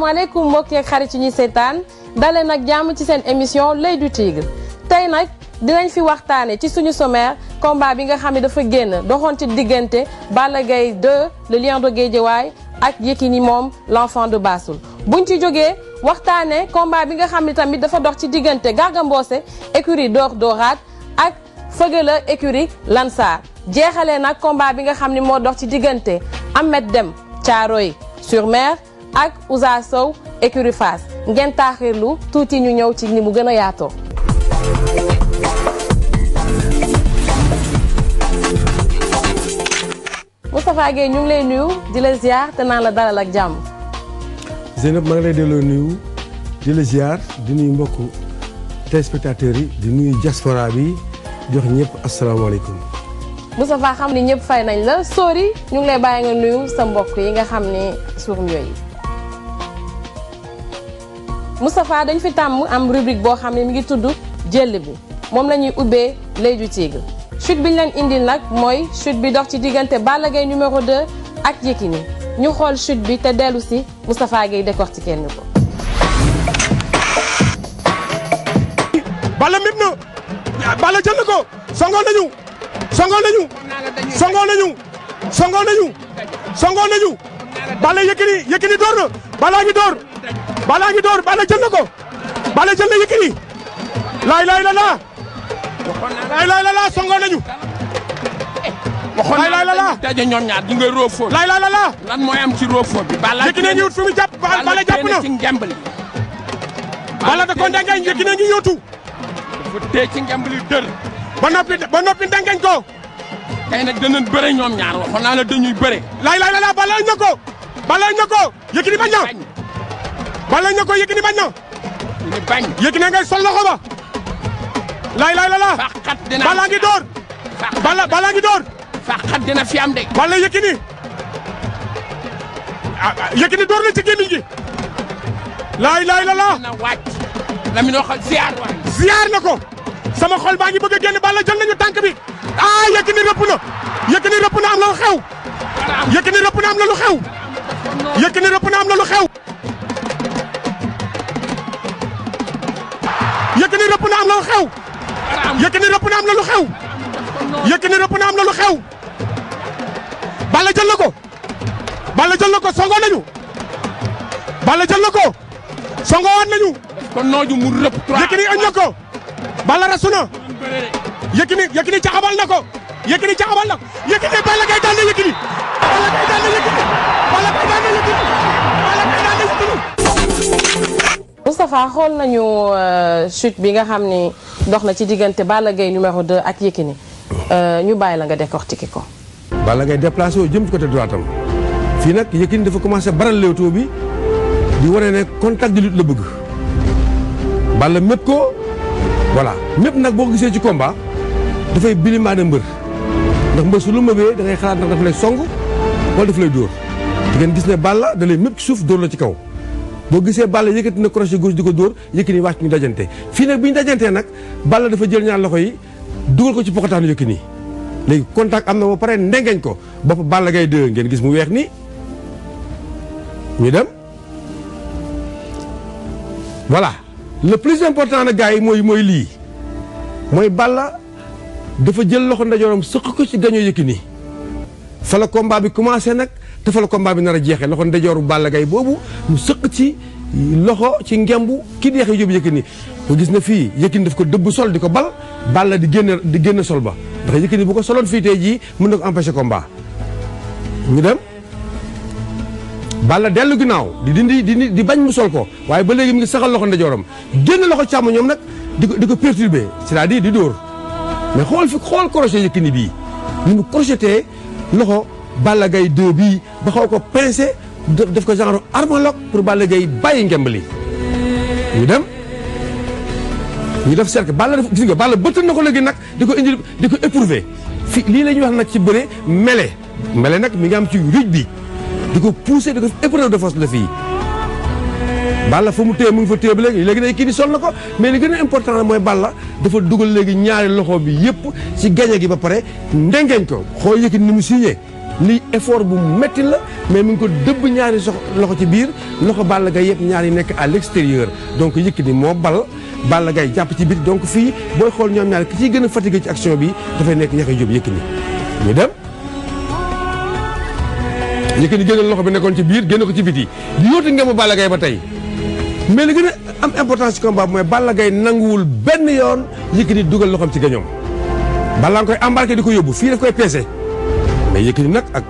asalaamaaleykum mbokk yeeg xarit ci ñuy seytaan dalee nag jàmm ci seen émission l'œil du tigre tey nag dinañ fi waxtaane ci suñu sommaire combat bi nga xam ne dafa génn doxoon ci diggante Balla Gaye 2 le lion de Guédiawaye ak Yékini moom l'enfant de bu buñ ci jógee waxtaane combat bi nga xam ni tamit dafa dox ci diggante Garga Mbossé écurie Dóor dooraat ak Fëgala écurie Lansar jeexalee nag combat bi nga xam ne moo dox ci diggante Ahmed dem Thiaroye sur mer ak Ousa Sow écurie Fass ngeen taaxirlu tuuti ñu ñëw ci ni mu gën a yaatoo. Moustapha Gueye ñu ngi lay nuyu di la ziar te naan la dalal ak jàmm. Zeynep maa ngi lay delloo nuyu di la ziar di nuyu mbokku téléspectateurs yi di nuyu diaspora bi jox ñëpp asalaamaaleykum. Moustapha xam ni ñëpp fay nañ la sori ñu ngi lay bàyyi nga nuyu sa mbokk yi nga xam ni suum yooyu. Moustapha dañ fi tàmm am rubrique boo xam ne mu ngi tudd jëll bi moom la ñuy ubbee l'œil du tigre chute bi ñu leen indil nag mooy chute bi dox ci diggante Balla Gaye numéro 2 ak Yékini ñu xool chute bi te dellu si Moustapha Gueye décortiquer ñu ko. Balla mit na Balla jël na ko songoon nañu songoon nañu songoon nañu songoon nañu songoon door na Balla ngi door. Balla ngi door Balla jël na ko Balla jël na Yékini laay laay la laa laay laay la laa songo nañu laay laay la laa daje ñoom ñaar ñu ngay roofoo laay laay la laa lan ci roofoo na ci ba noppi ba noppi ndengeñ ko nag danañ bëre ñoom ñaar waxoon naa la dañuy la laa na ko Balla na ko Yékini bañ wala ña ko Yékini bañ na. Yékini bañ. Yékini ngay sol loxo lay lay la la. bala ngi door. bala bala ngi door. faqat dina fi am de. wala Yékini. ah ah Yékini door na ci gémmiñ gi. lay lay la la. na wàcc. Lamine waxal ko. sama xol baa ngi bëgg a génn bala jël nañu tànk bi. ah Yékini rëpp na. Yékini rëpp na am na xew. Yékini rëpp na am na xew. na am na lu xew. Yékini rëpp na am na lu xew. Yékini rëpp na am na xew. Balla jël ko. Balla jël na ko songoon nañu. Balla jël na ko. songoon nañu. kon nooju mu rëpp. 3 Yékini añ ko. Balla rasu na. Yékini Yékini jaxabal na ko. Yékini jaxabal na ko Balla Gaye daan na Balla Gaye daan na Moustapha xool nañu euh, chute bi nga xam ni dox na ci diggante Balla Gaye numéro 2 ak Yékini euh, ñu bàyyi la nga décortiquer ko. Balla Gaye déplacé wu jëm ci côté droitam fii nag Yékini dafa commencé baral leewtoo bi di wane ne contact de lutte la bëgg Balla mépp ko voilà mépp nag boo gisee ci komba dafay bilimaane mbër ndax mbër su lu mëbee da ngay xalaat ndax daf song wala daf lay dóor di ngeen gis ne Balla da lay mépp suuf dóor la ci kaw. boo gisee Balla yëkkati na crochet gauche di ko dóor Yékini wàcc ñu dajante fii nag bi ñu dajantee nag Balla dafa jël ñaar loxo yi dugal ko ci poxataanu Yékini léegi contact am na ba pare ndengeñ ko bopp Balla Gaye 2 ngeen gis mu weex nii ñu dem voilà le plus important na gars yi mooy mooy lii mooy Balla dafa jël loxo ndajooram sëq ko ci gaño Yékini fa la combat bi commencé nag te fa la combat bi nar a jeexee loxo ndeyjooru Balla gay boobu mu sëq ci loxo ci ngembu ki deexe yóbbu Yékini ko gis na fii Yékini daf ko dëbb sol di ko bal Balla di génn di génn sol ba ndax Yékini bu ko soloon fii tey jii mun na ko empêcher combat ñu dem Balla dellu ginnaaw di dindi di di bañ mu sol ko waaye ba léegi mu ngi saxal loxo ndeyjooram génn loxo càmm ñoom nag di ko di ko perturber di dóor mais xool fi xool crochet Yékini bii ni mu crocheté loxo Balla Gaye 2 bii ba xaw ko pincé def ko genre armalogue pour Balla Gaye bàyyi ngemb li ñu dem ñu def cercle Balla def gis nga Balla bëtt na ko léegi nag di ko indi di ko éprouvé fi lii la ñuy wax nag ci bëre mele mele nag mi ngi am ci ruj bi di ko poussé di ko épreuve de force la fii Balla foo mu téye mu ngi fa téye ba léegi léegi day kii bi sol na ko mais li gën a important la mooy Balla dafa dugal léegi ñaari loxo bi yëpp ci gañe gi ba pare ndengeñ ko xoo yëkkati ni mu signé lii effort bu metti la mais mu ngi ko dëbb ñaari sox loxo ci biir loxo Balla Gaye yëpp ñaari nekk à l'extérieur donc Yékini moo bal Balla Gaye jàpp ci biir donc fii booy xool ñoom ñaar ki ciy gën a ci action bi dafay nekk Yaxya Jóob Yékini ñu dem Yékini génn loxo bi nekkoon ci biir génn ko ci biti di yóotu ngemu Balla Gaye ba tey mais li gën am importance ci combat bi mooy Balla Gaye nanguwul benn yoon Yékini dugal loxoom ci gañoom balaa nga koy embarqué di ko yóbbu fii daf mais Yékini nag ak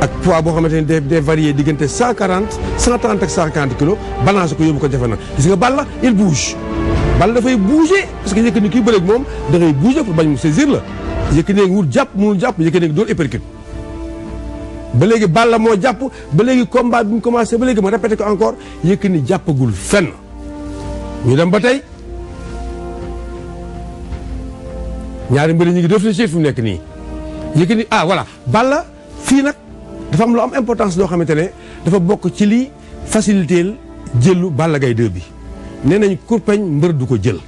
ak poids boo xamante ne de day varié diggante cent quarante cent trente ak cent quarante kilos balance ko yóbbu ko jafe na gis nga Balla il bouge Balla dafay bouger parce que Yékini kii bëreeg moom da ngay bouger pour bañ mu saisir la Yékini wut jàpp mënul jàpp Yékini ngi doon uppercut ba léegi Balla moo jàpp ba léegi combat bi mu commencé ba léegi ma répété ko encore Yékini jàppagul fenn ñu dem ba tey ñaari mbir ñu ngi réfléchir fi mu nekk nii. Yékini ah voilà Balla fii nag dafa am lu am importance loo xamante ne dafa bokk ci li faciliteel jëlu Balla gay 2 bi nee nañ kurpeñ mbër du ko jël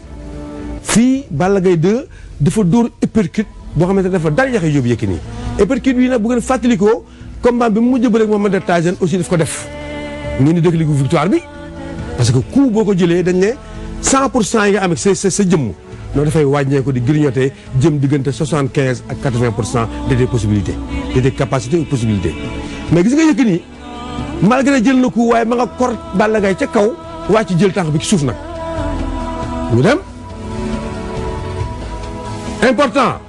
fii Balla gay 2 dafa dóor uppercut boo xamante ne dafa dal yaxe yóbbu nii uppercut bi nag bu ngeen fàttalikoo combat bi mu mujj bëre ak Mohamed Tyson aussi daf ko def mu ni déclic victoire bi parce que coup boo ko jëlee dañ ne 100 pour cent yi nga am ak sa sa sa jëmm noonu dafay wàññeeku di grignoter jëm diggante soixante quinze ak quatre vingt pour cent de des possibilités de des capacités ou possibilités. mais gis nga Yékini malgré jël na ko waaye ma nga kor Balla Gaye ca kaw waa ci jël tànk bi ci suuf nag mu dem important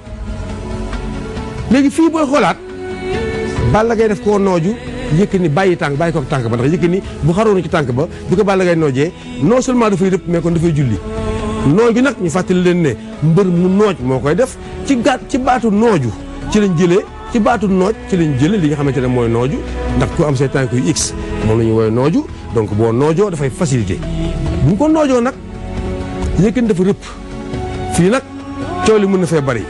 léegi fii booy xoolaat Balla Gaye def koo nooju Yékini bàyyi tànk bàyyi ko tànk ba ndax Yékini bu xaroonu ci tànk ba bu ko Balla noojee non seulement dafay rëpp mais kon dafay julli nooju nag ñu fàttali leen ne mbër mu nooj moo koy def ci gaat ci baatu nooju ci lañ jëlee ci baatu nooj ci lañ jëlee li nga xamante ne mooy nooju ndax ku am say tànk yu x moom la ñu woowee nooju donc boo noojoo dafay facilité bu ñu ko noojoo nag Yékini dafa rëpp fii nag coow li mën na fee bari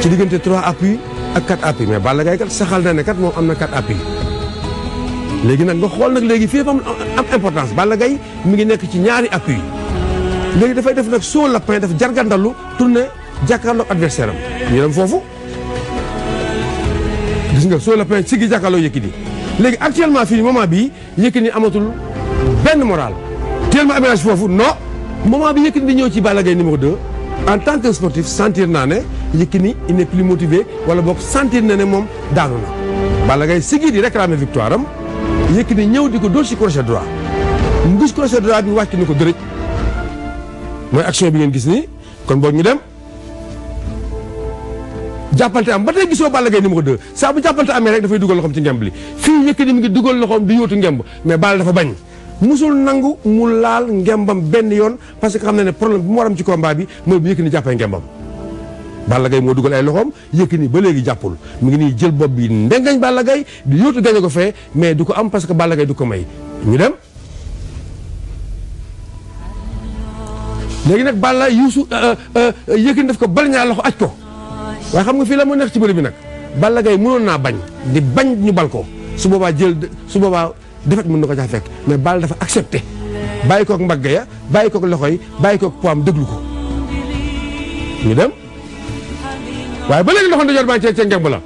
ci diggante 3 appui ak 4 appui mais Balla Gaye kat saxal na ne kat moom am na 4 appui léegi nag nga xool nag léegi fii dafa am importance Balla Gaye mi ngi nekk ci ñaari appui léegi dafay def nag soo lapin def jargandalu tourné jàkkaarloog adversaire am ñu dem foofu gis nga soo lapin si gi jàkkaarloo Yékini léegi actuellement fii moment bi ni amatul benn moral teel ma aménage foofu non moment bi Yékini di ñëw ci Balla Gaye numéro 2 en tant que sportif sentir naa ne Yékini il n'est plus motivé wala boog sentir na ne moom daanu na Balla Gaye di gi di réclamer victoire am Yékini ñëw di ko dóor si crochet droit ndus crochet droit bi wàcc na ko dërëj mooy action bi ngeen gis nii kon boo ñu dem jàppante am ba tey gisoo Balla Gaye ko 2 saa bu jàppante amee rek dafay dugal loxoom ci ngemb li fii Yékini mi ngi dugal loxoom di yóotu ngemb mais Balla dafa bañ musul nangu mu laal ngembam benn yoon parce que xam na ne problème bi mu waram bi mooy bu Yékini jàppee ngembam Balla Gaye moo dugal ay loxoom Yékini ba léegi jàppul mu ngi nii jël bopp bi ndengañ Balla Gaye di yóotu gañe ko fee mais du ko am parce que Balla Gaye du ko may ñu dem léegi nag Balla Youssou euh, euh, euh, Yékini daf ko bal ñaa loxo aj ko waaye xam nga fii la mu nekk ci bëri bi nag Balla Gaye mënoon naa bañ di bañ ñu bal ko su boobaa jël su boobaa defet mën na ko caa fekk mais Balla dafa accepté bàyyi kook mbagg ya bàyyi kook loxo yi bàyyi kook poam déglu ko ñu dem waaye ba léegi loxo ndijoor baa ca ca ngemb la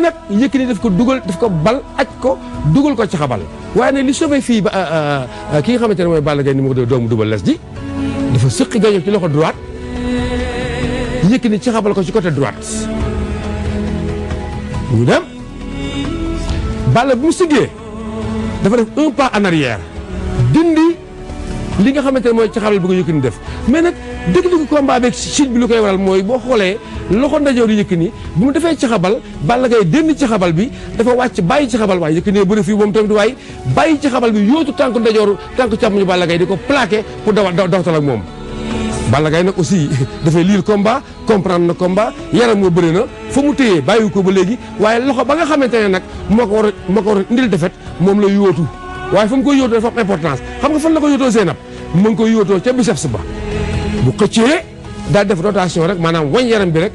bi nag Yékini daf ko dugal daf ko bal aj ko dugal ko ci xabal waaye nag li sobee fii ba euh, euh, euh, ki nga xamante ne mooy Balla Gaye numéro 2 doomu Double Less ji dafa sëqi gaño ci loxo droite Yékini ci xabal ko ci côté droite ñu dem Balla bu mu siggee dafa def un pas en arrière dindi li nga xamante ne mooy ci xabal bi ko Yékini def dëgg-dëgg combat beeg chute bi lu koy waral mooy boo xoolee loxo ndajoor di Yékini bu mu defee ci xabal Balla Gaye dénn ci xabal bi dafa wàcc bàyyi ci xabal waaye ne bëri fii moom tamit waaye bàyyi ci xabal bi yóotu tànk ndajooru tànk càmmoñu Balla Gaye di ko plaqué pour dawa dawtal ak moom Balla Gaye nag aussi dafay liir comba comprendre na comba yaram moo bëri na foo mu téyee bàyyi ko ba léegi waaye loxo ba nga xamante ne nag moo ko war moo ko war a indil defet moom la yóotu waaye fa mu koy yóotu dafa importance xam nga fan la ko yóotoo Zeynab mu ngi koy yóotoo ca biceps ba bu xëccee daal def rotation rek maanaam wañ yaram bi rek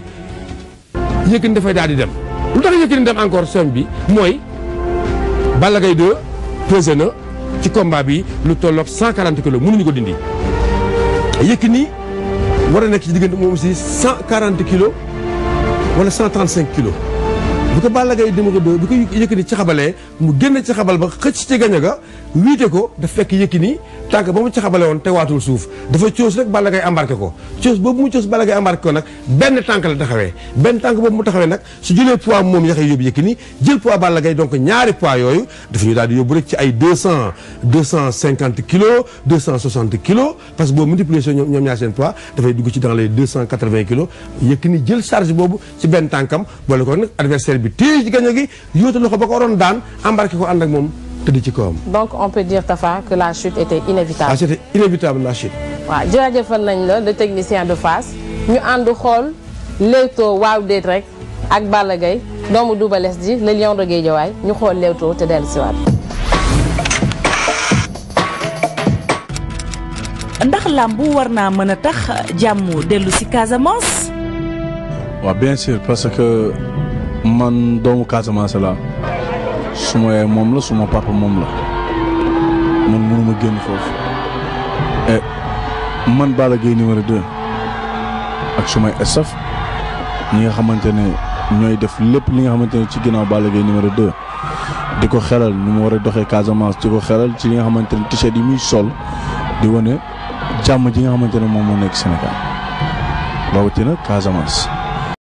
Yékini dafay daal di dem lu tax Yékini dem encore somme bi mooy Balla Gaye 2 pesé ci combat bi lu tolloog 140 kilos mënuñu ko dindi Yékini war a nekk ci diggante moom si 140 kilos wala 135 kilos bu ko Balla Gaye dema ko dóor bu ko Yékini ci xabalee mu génn ci xabal ba xëcc ci gaña ga wiite ko daf fekk Yékini tànk ba mu ca xamale woon te waatul suuf dafa coos rek Balla Gaye embarqué ko coos boobu mu coos Balla Gaye embarqué ko nag benn tànk la taxawee benn tànk boobu mu taxawee nag su jëlee poids moom yaxey yóbbu Yékini jël poids Balla Gaye donc ñaari poids yooyu dafa ñu daal yóbbu rek ci ay deux cent deux cent cinquante kilos deux cent soixante parce que boo multiplier so ñoom ñaar seen poids dafay dugg ci dans les deux cent jël charge boobu ci benn tànkam boole ko nag adversaire bi téye ci gaño gi yóotu loxo ko waroon daan embarqué ko ànd ak moom tëdd ci kawam. donc on peut dire Tafa que la chute était inévitable. ah c'était inévitable la chute. waaw jërëjëfal nañ la le technicien de face ñu ànd xool Leewtoo waaw déet rek ak Balla Gaye doomu Double Less ji le lion de Guédiawaye ñu xool Leewtoo te dellusiwaat. ndax làmb war naa mën a tax jàmm dellu ci Casamance. waaw bien sûr parce que man doomu Casamance la suma yaay moom la suma papa moom la man mënuma génn foofu eh, man Balla Gaye numéro 2 ak sumay staff ñi nga xamante ne ñooy def lépp li nga xamante ne ci ginnaaw Balla Gaye numéro 2 di ko xelal ni mu war a doxee Casamance di ko xelal ci li nga xamante ne t-shirt yi muy sol di wane jàmm ji nga xamante ne moom moo nekk Sénégal rawatina Casamance.